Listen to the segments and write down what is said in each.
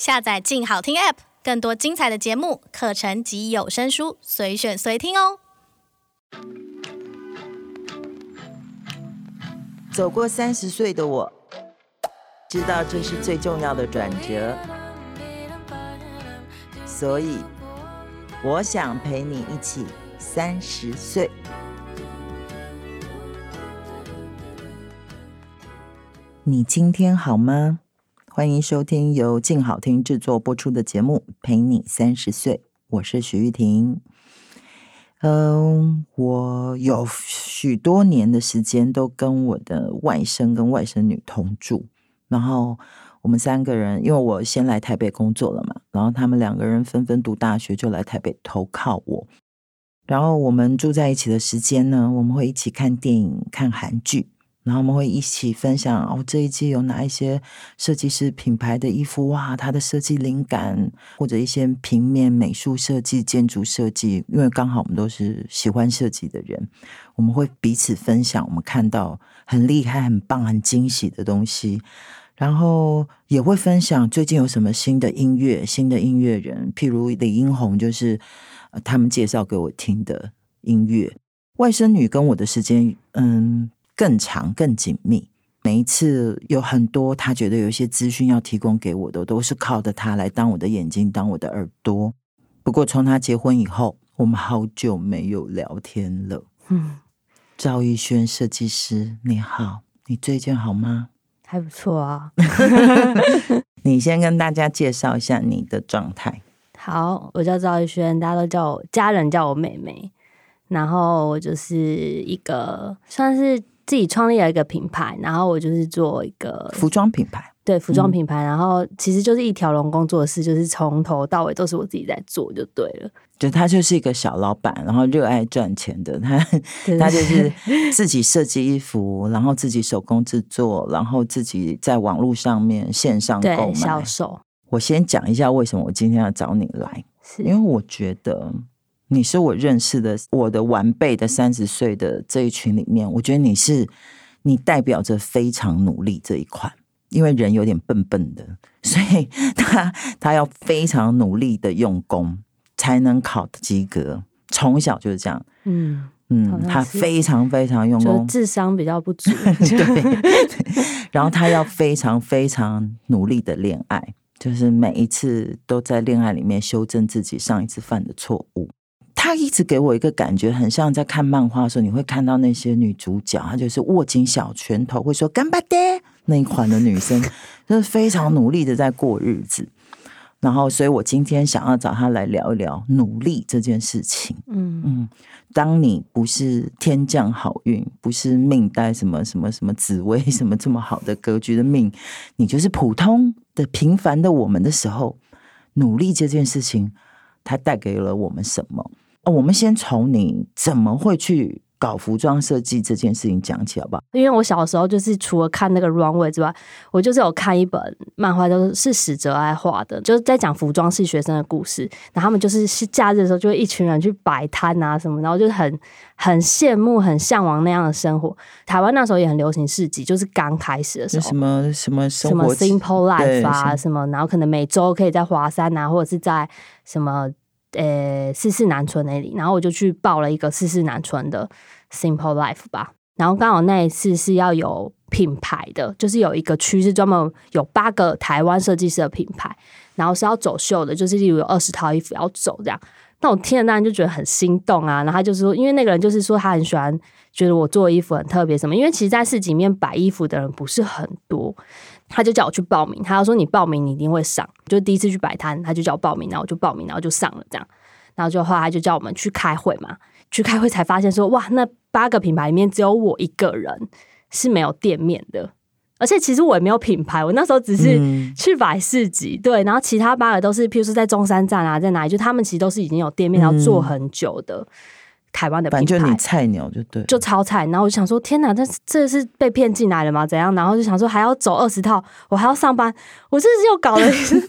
下載“鏡好聽 ”App，更多精彩的節目、課程及有聲書，隨選隨聽哦。走過三十歲的我，知道這是最重要的轉折，所以我想陪你一起三十歲。你今天好嗎？歡迎收聽由靜好聽製作播出的節目《陪你三十歲》，我是徐譽庭。嗯、呃，我有許多年的時間都跟我的外甥跟外甥女同住，然後我們三個人，因為我先來台北工作了嘛，然後他們兩個人紛紛讀大學就來台北投靠我。然後我們住在一起的時間呢，我們會一起看電影、看韓劇。然後我們會一起分享哦，這一季有哪一些設計師品牌的衣服哇，它的設計靈感或者一些平面美術設計、建築設計，因為剛好我們都是喜歡設計的人，我們會彼此分享。我們看到很厲害、很棒、很驚喜的東西，然後也會分享最近有什麼新的音樂、新的音樂人，譬如李英宏，就是、呃、他們介紹給我聽的音樂。外甥女跟我的時間，嗯。更長、更緊密。每一次有很多，他覺得有一些資訊要提供給我的，我都是靠着他來當我的眼睛、當我的耳朵。不過，從他結婚以後，我們好久沒有聊天了。嗯，趙逸宣設計師，你好，你最近好嗎？還不錯啊。 你先跟大家介紹一下你的狀態。好，我叫趙逸宣，大家都叫我家人叫我妹妹，然後我就是一個算是。自己創立了一個品牌，然後我就是做一個服裝品牌，對，服裝品牌，嗯、然後其實就是一條龍工作室，就是從頭到尾都是我自己在做，就對了。對，他就是一個小老闆，然後熱愛賺錢的他，對他就是自己設計衣服，是然後自己手工制作，然後自己在網絡上面線上購買銷售。我先講一下為什麼我今天要找你來，是因為我覺得。你是我認識的我的完備的三十歲的這一群裡面，我覺得你是，你代表着非常努力這一塊，因為人有點笨笨的，所以他他要非常努力的用功才能考的及格，從小就是這樣。嗯嗯，嗯他非常非常用功，智商比較不足。 對， 然後他要非常非常努力的戀愛，就是每一次都在戀愛裡面修正自己上一次犯的錯誤。他一直給我一個感覺，很像在看漫畫的時候，你會看到那些女主角，她就是握緊小拳頭，會說“干巴爹”那一款的女生，就是非常努力的在過日子。嗯、然後，所以我今天想要找她來聊一聊努力這件事情。嗯嗯，當你不是天降好運，不是命帶什麼什麼什麼紫薇什麼這麼好的格局的命，你就是普通的平凡的我們的時候，努力這件事情，它帶給了我們什麼？哦，我們先從你怎麼會去搞服裝設計這件事情講起，好不好？因為我小時候就是除了看那個 Runway 之外，我就是有看一本漫畫，就是矢澤愛畫的，就是在講服裝系學生的故事。然後他們就是是假日的時候，就會一群人去擺攤啊什麼，然後就是很很羨慕、很向往那樣的生活。台灣那時候也很流行市集，就是剛開始的時候，什麼什麼什麼 Simple Life 啊什麼，然後可能每周可以在華山啊或者是在什麼。呃，四四南村那裡，然後我就去報了一個四四南村的 Simple Life 吧。然後剛好那一次是要有品牌的，就是有一個區是專門有八個台灣設計師的品牌，然後是要走秀的，就是例如有二十套衣服要走這樣。那我聽了當然就覺得很心動啊。然後他就是說，因為那個人就是說他很喜歡，覺得我做衣服很特別什麼。因為其實，在市集裡面擺衣服的人不是很多。他就叫我去報名，他要說你報名你一定會上，就第一次去擺攤，他就叫我報名，然後我就報名，然後就上了這樣。然後就後來他就叫我們去開會嘛，去開會才發現說哇，那八個品牌裡面只有我一個人是沒有店面的，而且其實我也沒有品牌，我那時候只是去擺市集，嗯、對，然後其他八個都是，譬如說在中山站啊，在哪裡，就他們其實都是已經有店面然後做很久的。嗯台灣的品牌，就你菜鳥就對，就超菜。然後我就想說，天哪，這是這是被騙進來了嗎？怎樣？然後就想說，還要走二十套，我還要上班，我是又搞了， 又是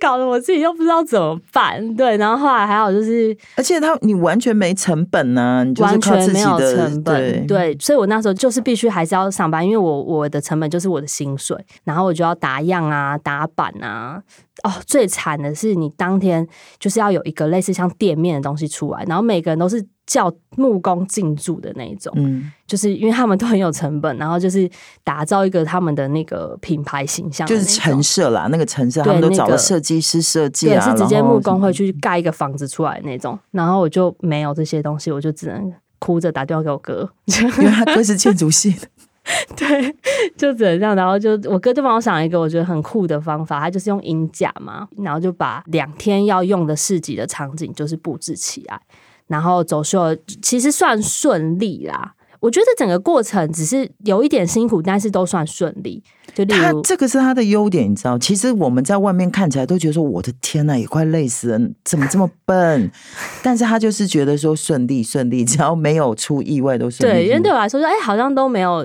搞了我自己又不知道怎麼辦。對，然後後來還好，就是而且他你完全沒成本呢，啊，你就完全沒有成本。對，對，所以，我那時候就是必須還是要上班，因為我我的成本就是我的薪水，然後我就要打樣啊，打版啊。哦，oh, 最慘的是你當天就是要有一個類似像店面的東西出來，然後每個人都是叫木工進駐的那一種，嗯，就是因為他們都很有成本，然後就是打造一個他們的那個品牌形象，就是陳設啦，那個陳設對他們都找了設計師設計也、啊那個、是直接木工會去蓋一個房子出來那種，然後我就沒有這些東西，我就只能哭着打電話給我哥，因為他哥是建築系的。 對，就只能這樣。然後就我哥就幫我想了一個我覺得很酷的方法，他就是用銀甲嘛，然後就把兩天要用的市集的場景就是布置起來。然後走秀其實算順利啦，我覺得整個過程只是有一點辛苦，但是都算順利。就他這個是他的優點，你知道？其實我們在外面看起來都覺得說：“我的天吶，也快累死人，怎麼這麼笨？” 但是他就是覺得說順利順利，只要沒有出意外都是對。因為對我來說，說哎，好像都沒有。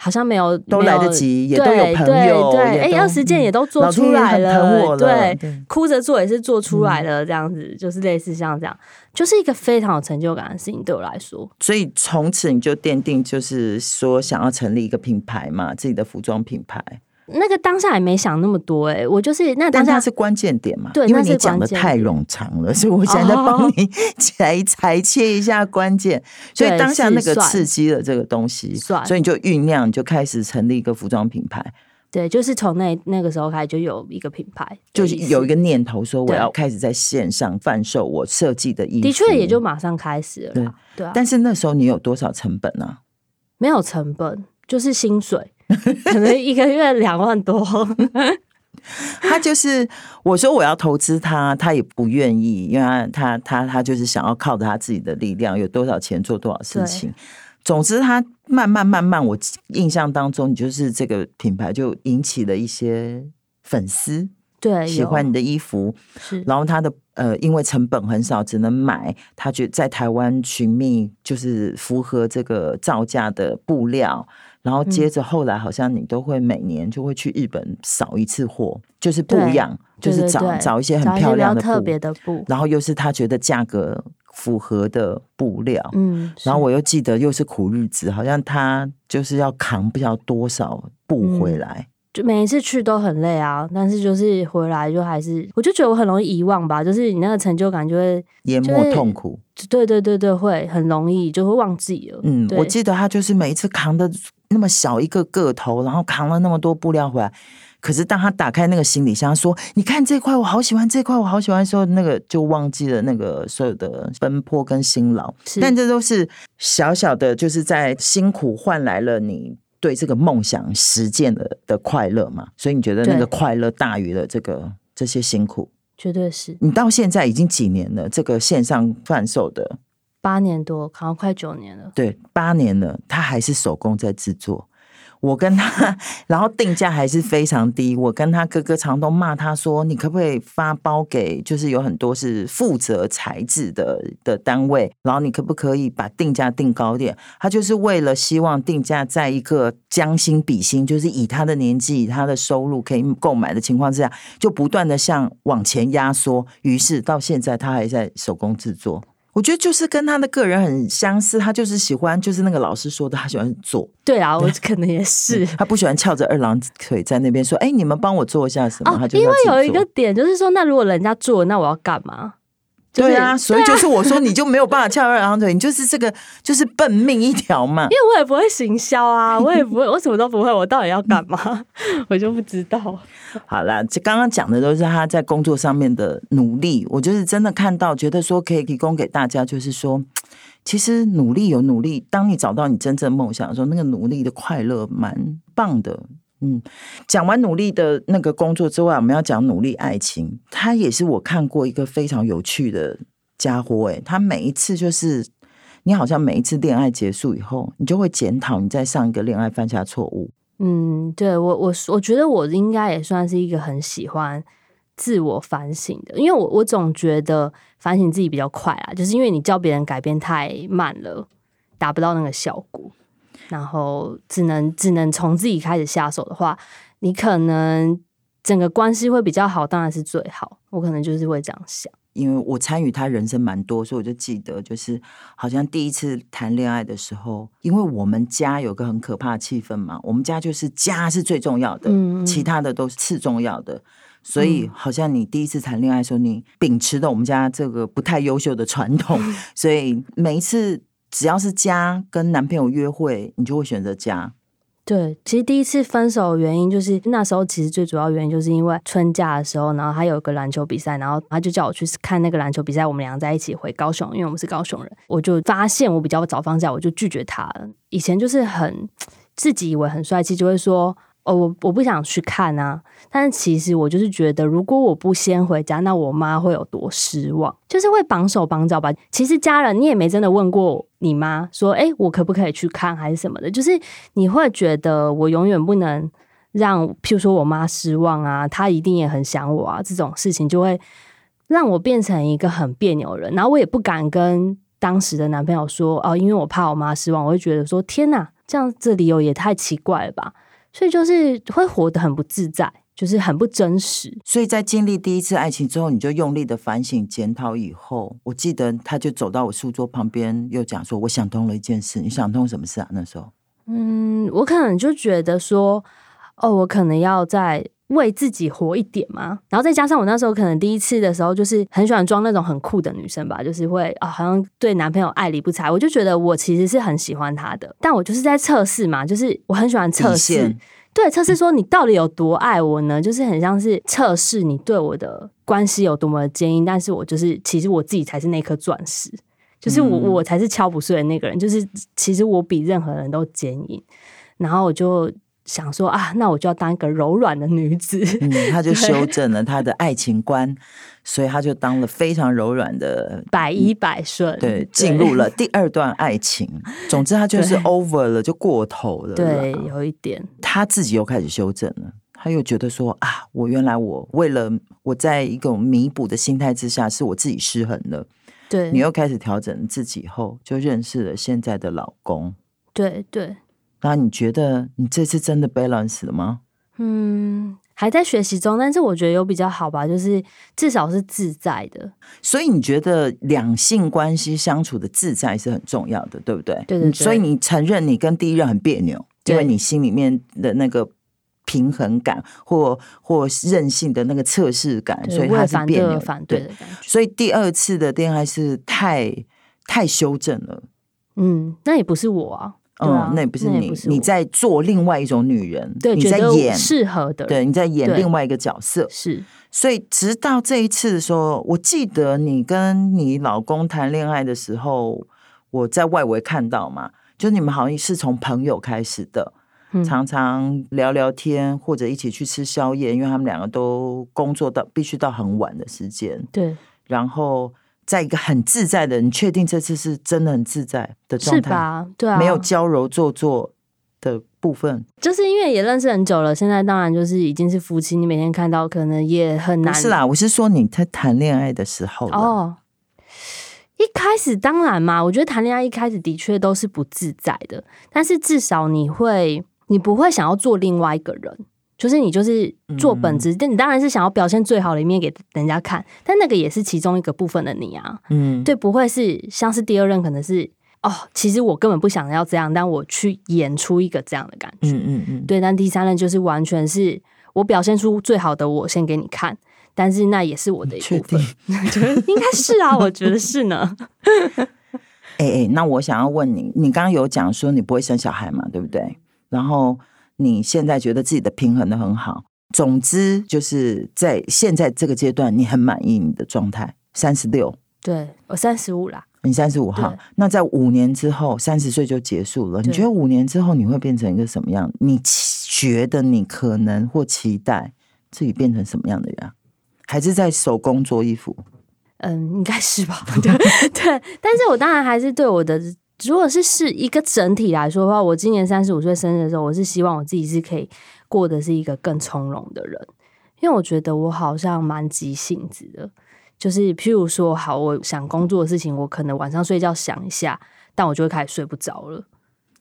好像沒有都來得及，有也都有朋友，哎，二十件也都做出來了。老天也很疼我了，對，對哭着做也是做出來了，這樣子，嗯，就是類似像這樣，就是一個非常有成就感的事情，對我來說。所以從此你就奠定，就是說想要成立一個品牌嘛，自己的服裝品牌。那個當下也沒想那麼多哎，欸，我就是那當下，但是關鍵點嘛。對，因為你講得太冗長了，所以我現在幫你裁裁切一下關鍵。所以當下那個刺激了這個東西，所以你就醞釀就開始成立一個服裝品牌。對，就是從那那個時候開始就有一個品牌，就是有一個念頭說我要開始在線上販售我設計的衣服，的確也就馬上開始了，對，對啊。但是那時候你有多少成本呢？啊，沒有成本，就是薪水。 可能一個月兩萬多， 他就是我說我要投資他，他也不願意，因為他他他，他就是想要靠着他自己的力量，有多少錢做多少事情。對總之，他慢慢慢慢，我印象當中，你就是這個品牌就引起了一些粉絲，對，喜歡你的衣服，是，然後他的。呃，因為成本很少，只能買。他覺得在台灣尋覓就是符合這個造價的布料，然後接着後來好像你都會每年就會去日本掃一次貨，就是布樣，嗯、就是找，對對對，找一些很漂亮的特別的布，然後又是他覺得價格符合的布料。嗯，然後我又記得又是苦日子，好像他就是要扛不了多少布回來。嗯就每一次去都很累啊，但是就是回來就還是，我就覺得我很容易遺忘吧。就是你那個成就感就會淹沒痛苦，對對對對，會很容易就會忘記了。嗯，對我記得他就是每一次扛的那麼小一個個頭，然後扛了那麼多布料回來，可是當他打開那個行李箱說：“你看這塊我好喜歡，這塊，我好喜歡。這我好喜歡”的時候，那個就忘記了那個所有的奔波跟辛勞。是但這都是小小的，就是在辛苦換來了你。對，這個夢想實踐了的快樂嘛，所以你覺得那個快樂大於了這個對這些辛苦？絕對是。你到現在已經幾年了，這個線上販售的？八年多，好像快九年了，對，八年了，它還是手工在制作。我跟他，然後定價還是非常低。我跟他哥哥常都罵他說：“你可不可以發包給，就是有很多是負責材質的的單位，然後你可不可以把定價定高點？”他就是為了希望定價在一個將心比心，就是以他的年紀、以他的收入可以購買的情況之下，就不斷的向往前壓縮。於是到現在，他還在手工製作。我覺得就是跟他的個人很相似，他就是喜歡，就是那個老師說的，他喜歡做。對啊，對。我可能也是、嗯。他不喜歡翹着二郎腿在那邊說：“哎、欸，你們幫我做一下什麼？”啊、他就因為有一個點就是說，那如果人家做，那我要幹嘛？就是、對啊，所以就是我說，你就沒有辦法翹二郎腿， 你就是這個就是笨命一條嘛。因為我也不會行銷啊，我也不會，我什麼都不會，我到底要幹嘛？ 我就不知道。好啦，這剛剛講的都是他在工作上面的努力，我就是真的看到，覺得說可以提供給大家，就是說，其實努力有努力，當你找到你真正夢想的時候，那個努力的快樂蠻棒的。嗯，講完努力的那個工作之外，我們要講努力愛情。他也是我看過一個非常有趣的家伙欸。哎，他每一次就是，你好像每一次戀愛結束以後，你就會檢討你在上一個戀愛犯下錯誤。嗯，對，我我我覺得我應該也算是一個很喜歡自我反省的，因為我我總覺得反省自己比較快啊，就是因為你教別人改變太慢了，達不到那個效果。然後只能只能從自己開始下手的話，你可能整個關係會比較好，當然是最好。我可能就是會這樣想，因為我參與他人生蠻多，所以我就記得，就是好像第一次談戀愛的時候，因為我們家有個很可怕的氣氛嘛，我們家就是家是最重要的，嗯、其他的都是次重要的，所以、嗯、好像你第一次談戀愛的時候，你秉持著我們家這個不太優秀的傳統， 所以每一次。只要是家跟男朋友約會，你就會選擇家。對，其實第一次分手原因就是那時候，其實最主要原因就是因為春假的時候，然後他有個籃球比賽，然後他就叫我去看那個籃球比賽，我們倆在一起回高雄，因為我們是高雄人，我就發現我比較早放假，我就拒絕他了。以前就是很，自己以為很帥氣，就會說。哦，我我不想去看啊！但是其實我就是覺得，如果我不先回家，那我媽會有多失望，就是會綁手綁腳吧。其實家人，你也沒真的問過你媽說，哎，我可不可以去看還是什麼的。就是你會覺得，我永遠不能讓，譬如說我媽失望啊，她一定也很想我啊。這種事情就會讓我變成一個很彆扭的人，然後我也不敢跟當時的男朋友說哦，因為我怕我媽失望，我會覺得說，天吶，這樣這理由也太奇怪了吧。所以就是會活得很不自在，就是很不真實。所以在經歷第一次愛情之後，你就用力的反省檢討以後，我記得他就走到我書桌旁邊，又講說：“我想通了一件事。”嗯，你想通什麼事啊？那時候，嗯，我可能就覺得說，哦，我可能要在。為自己活一點嘛，然後再加上我那時候可能第一次的時候，就是很喜歡裝那種很酷的女生吧，就是會啊、哦，好像對男朋友愛理不睬。我就覺得我其實是很喜歡他的，但我就是在測試嘛，就是我很喜歡測試，測試，對，測試說你到底有多愛我呢？就是很像是測試你對我的關係有多麼的堅硬。但是我就是其實我自己才是那顆鑽石，就是我、嗯、我才是敲不碎的那個人。就是其實我比任何人都堅硬。然後我就。想說啊，那我就要當一個柔軟的女子。嗯，她就修正了她的愛情觀，對 所以她就當了非常柔軟的百依百順，對，進對 入了第二段愛情。對 總之，她就是 over 了，對 就過頭了，對，有一點。她自己又開始修正了，她又覺得說啊，我原來我為了我在一個彌補的心態之下，是我自己失衡了。對。你又開始調整自己以後，就認識了現在的老公。對對。那你覺得你這次真的 balance 了嗎？嗯，還在學習中，但是我覺得有比較好吧，就是至少是自在的。所以你覺得兩性關係相處的自在是很重要的，對不對？對，對對。所以你承認你跟第一任很彆扭，對因為你心裡面的那個平衡感或或任性的那個測試感，對所以他是彆扭，對反對的感覺。所以第二次的戀愛是太太修正了。嗯，那也不是我啊。啊、嗯，那也不是你，是你在做另外一種女人，對你在演適合的，對，你在演另外一個角色。是，所以直到這一次的時候，我記得你跟你老公談戀愛的時候，我在外圍看到嘛，就是、你們好像是從朋友開始的，嗯、常常聊聊天或者一起去吃宵夜，因為他們兩個都工作到必須到很晚的時間，對，然後。在一個很自在的。你確定這次是真的很自在的狀態，是吧？對啊，沒有嬌柔做作的部分。就是因為也認識很久了，現在當然就是已經是夫妻，你每天看到可能也很難。不是啦，我是說你在談戀愛的時候哦，oh, 一開始當然嘛，我覺得談戀愛一開始的確都是不自在的，但是至少你會，你不會想要做另外一個人。就是你，就是做本職，嗯、但你當然是想要表現最好的一面給人家看，但那個也是其中一個部分的你啊，嗯，對，不會是像是第二任可能是哦，其實我根本不想要這樣，但我去演出一個這樣的感覺，嗯嗯，嗯對，但第三任就是完全是我表現出最好的我先給你看，但是那也是我的一部分，應該是啊，我覺得是呢。哎哎，那我想要問你，你剛剛有講說你不會生小孩嘛，對不對？然後。你現在覺得自己的平衡的很好，總之就是在現在這個階段，你很滿意你的狀態。三十六，對我三十五了，你三十五號，對那在五年之後，三十歲就結束了。你覺得五年之後你會變成一個什麼樣？對你覺得你可能或期待自己變成什麼樣的人？還是在手工做衣服？嗯，應該是吧。對, 對，但是我當然還是對我的。如果是是一個整體來說的話，我今年三十五歲生日的時候，我是希望我自己是可以過得是一個更從容的人，因為我覺得我好像蠻急性子的，就是譬如說，好，我想工作的事情，我可能晚上睡覺想一下，但我就會開始睡不着了。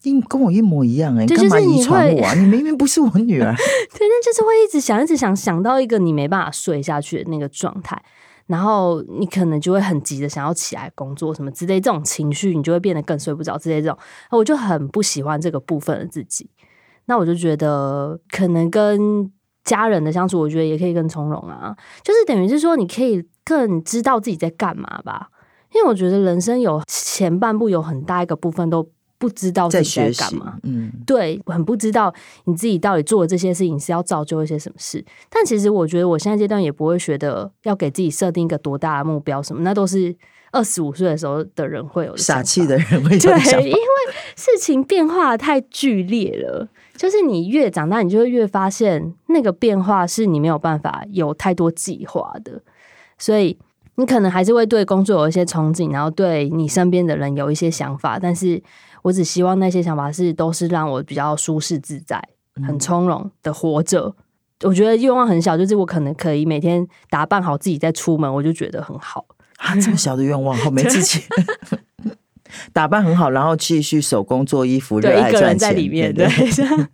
你跟我一模一樣哎、欸，對幹嘛遺傳我、啊？你明明不是我女兒、啊。 對，那就是會一直想，一直想，想到一個你沒辦法睡下去的那個狀態。然後你可能就會很急着想要起來工作什麼之類，這種情緒你就會變得更睡不着，之類這種，我就很不喜歡這個部分的自己。那我就覺得可能跟家人的相處，我覺得也可以更從容啊，就是等於是說你可以更知道自己在幹嘛吧，因為我覺得人生有前半部有很大一個部分都。不知道在學幹嘛。嗯，對，很不知道你自己到底做的這些事情是要造就一些什麼事。但其實我覺得我現在階段也不會覺得要給自己設定一個多大的目標什麼，那都是二十五歲的時候的人會有的。傻氣的人會有的。對 因為事情變化太劇烈了。就是你越長大，你就會越發現那個變化是你沒有辦法有太多計劃的。所以你可能還是會對工作有一些憧憬，然後對你身邊的人有一些想法，但是。我只希望那些想法是，都是讓我比較舒適自在，很從容的活着。嗯、我覺得願望很小，就是我可能可以每天打扮好自己再出門，我就覺得很好。啊，這麼小的願望，好 沒自己對 打扮很好，然後繼續手工做衣服，對，熱愛一個人在裡面，對。對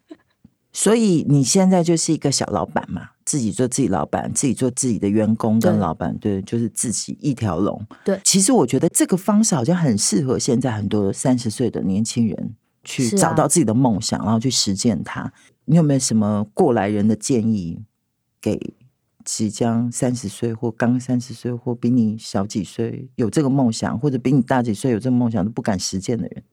所以你現在就是一個小老闆嘛，自己做自己老闆，自己做自己的員工跟老闆，對，對，就是自己一條龍。對，其實我覺得這個方式好像很適合現在很多三十歲的年輕人去找到自己的夢想，啊、然後去實踐它。你有沒有什麼過來人的建議給即將三十歲或剛三十歲或比你小幾歲有這個夢想，或者比你大幾歲有這個夢想都不敢實踐的人？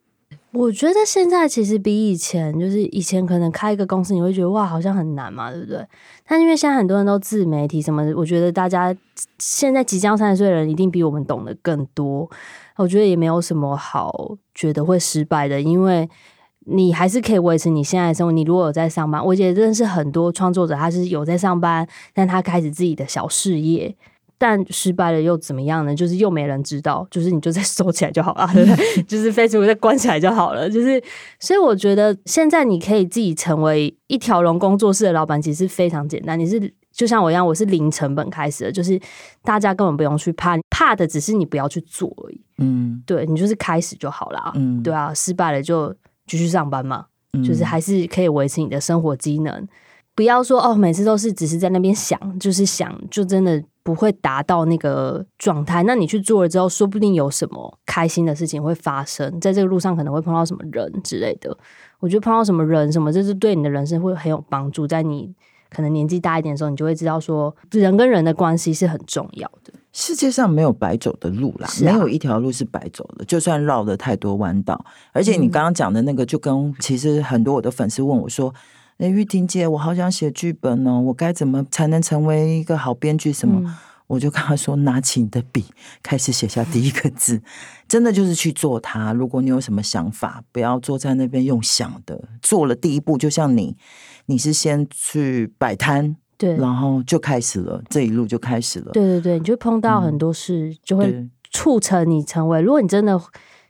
我覺得現在其實比以前，就是以前可能開一個公司你會覺得哇好像很難嘛，對不對？但因為現在很多人都自媒體什麼的，我覺得大家現在即將三十歲的人一定比我們懂得更多。我覺得也沒有什麼好覺得會失敗的，因為你還是可以維持你現在的生活。你如果有在上班，我也認識很多創作者，他是有在上班，但他開始自己的小事業。但失敗了又怎麼樣呢？就是又沒人知道，就是你就再收起來就好了，對，對 就是 Facebook 再關起來就好了。就是，所以我覺得現在你可以自己成為一條龍工作室的老板，其實非常簡單。你是就像我一樣，我是零成本開始的，就是大家根本不用去怕，怕的只是你不要去做而已。嗯，對，你就是開始就好了。嗯，對啊，失敗了就繼續上班嘛，嗯、就是還是可以維持你的生活機能。不要說哦，每次都是只是在那邊想，就是想，就真的。不會達到那個狀態，那你去做了之後，說不定有什麼開心的事情會發生。在這個路上，可能會碰到什麼人之類的。我覺得碰到什麼人，什麼這是對你的人生會很有幫助。在你可能年紀大一點的時候，你就會知道說，人跟人的關係是很重要的。世界上沒有白走的路啦，啊、沒有一條路是白走的，就算繞了太多彎道。而且你剛剛講的那個，就跟其實很多我的粉絲問我說，嗯哎，譽庭姐，我好想寫劇本哦，我該怎麼才能成為一個好編劇？什麼？嗯、我就跟他說，拿起你的筆，開始寫下第一個字，嗯、真的就是去做它。如果你有什麼想法，不要坐在那邊用想的，做了第一步，就像你，你是先去擺攤，對，然後就開始了，這一路就開始了。對對對，你就碰到很多事，嗯、就會促成你成為。對如果你真的。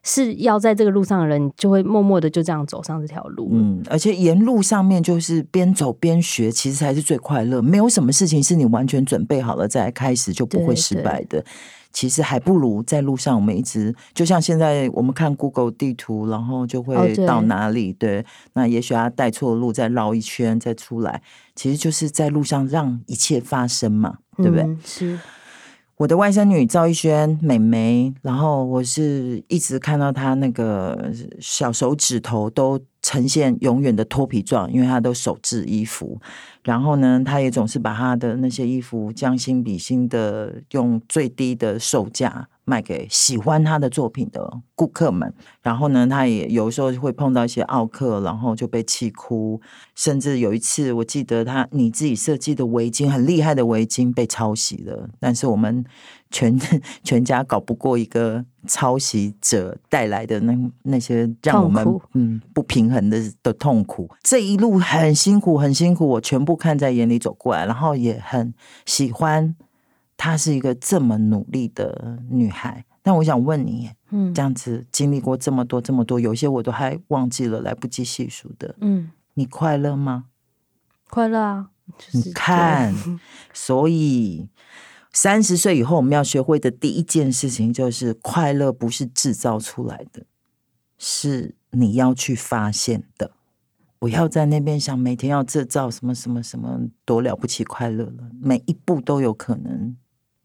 是要在這個路上的人，就會默默的就這樣走上這條路。嗯，而且沿路上面就是邊走邊學，其實才是最快樂。沒有什麼事情是你完全準備好了再開始就不會失敗的。其實還不如在路上，我們一直就像現在我們看 Google 地圖，然後就會到哪裡。哦，對，對，那也許要帶錯的路，再繞一圈再出來。其實就是在路上讓一切發生嘛，嗯，對不對？是。我的外甥女趙逸宣，美眉，然後我是一直看到她那個小手指頭都呈現永遠的脫皮狀，因為她都手製衣服，然後呢，她也總是把她的那些衣服將心比心的用最低的售價，賣給喜歡他的作品的顧客們，然後呢，他也有的時候會碰到一些奧客，然後就被氣哭，甚至有一次我記得他你自己設計的圍巾，很厲害的圍巾被抄襲了，但是我們全全家搞不過一個抄襲者帶來的那那些讓我們哭嗯不平衡的的痛苦，這一路很辛苦，很辛苦，我全部看在眼裡走過來，然後也很喜歡。她是一個這麼努力的女孩，但我想問你，嗯，這樣子經歷過這麼多這麼多，有些我都還忘記了，來不及細數的，嗯，你快樂嗎？快樂啊！就是、你看，對所以三十歲以後，我們要學會的第一件事情就是，快樂不是制造出來的，是你要去發現的。不要在那邊想每天要制造什麼什麼什麼，多了不起快樂了，每一步都有可能。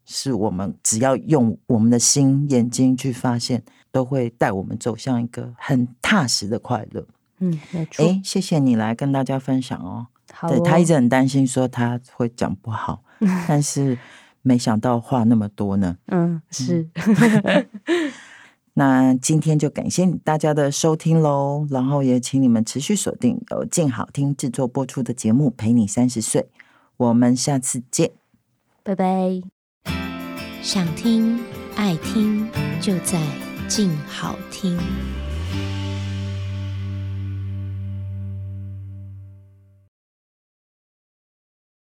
是我們只要用我們的心、眼睛去發現，都會帶我們走向一個很踏實的快樂。嗯，沒錯。哎，謝謝你來跟大家分享哦。好哦。對他一直很擔心，說他會講不好， 但是沒想到話那麼多呢。嗯，是。 那今天就感謝大家的收聽嘍，然後也請你們持續鎖定有勁好聽制作播出的節目《陪你三十歲》，我們下次見，拜拜。想聽、愛聽，就在鏡好聽。